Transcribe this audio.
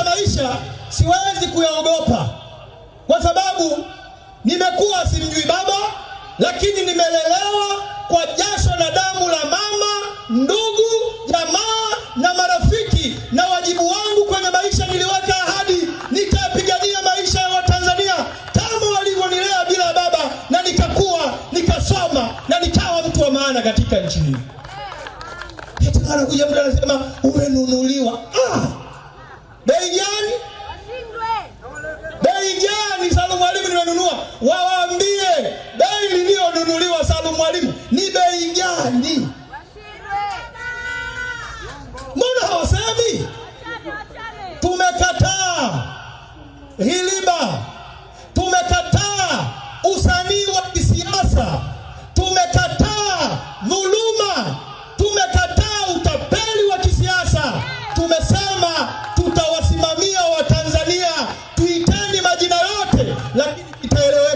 katika maisha siwezi kuyaogopa, kwa sababu nimekuwa simjui baba, lakini nimelelewa kwa jasho na damu la mama, ndugu, jamaa na marafiki, na wajibu wangu kwenye maisha niliweka ahadi, nitapigania maisha ya Watanzania kama walivyonilea bila baba, na nikakuwa nikasoma na nikawa mtu wa maana katika nchi hii. Anakuja mtu anasema umenunuliwa. Ah! bei gani? bei gani? Salu Mwalimu nimenunua, wawaambie lakini kitaeleweka.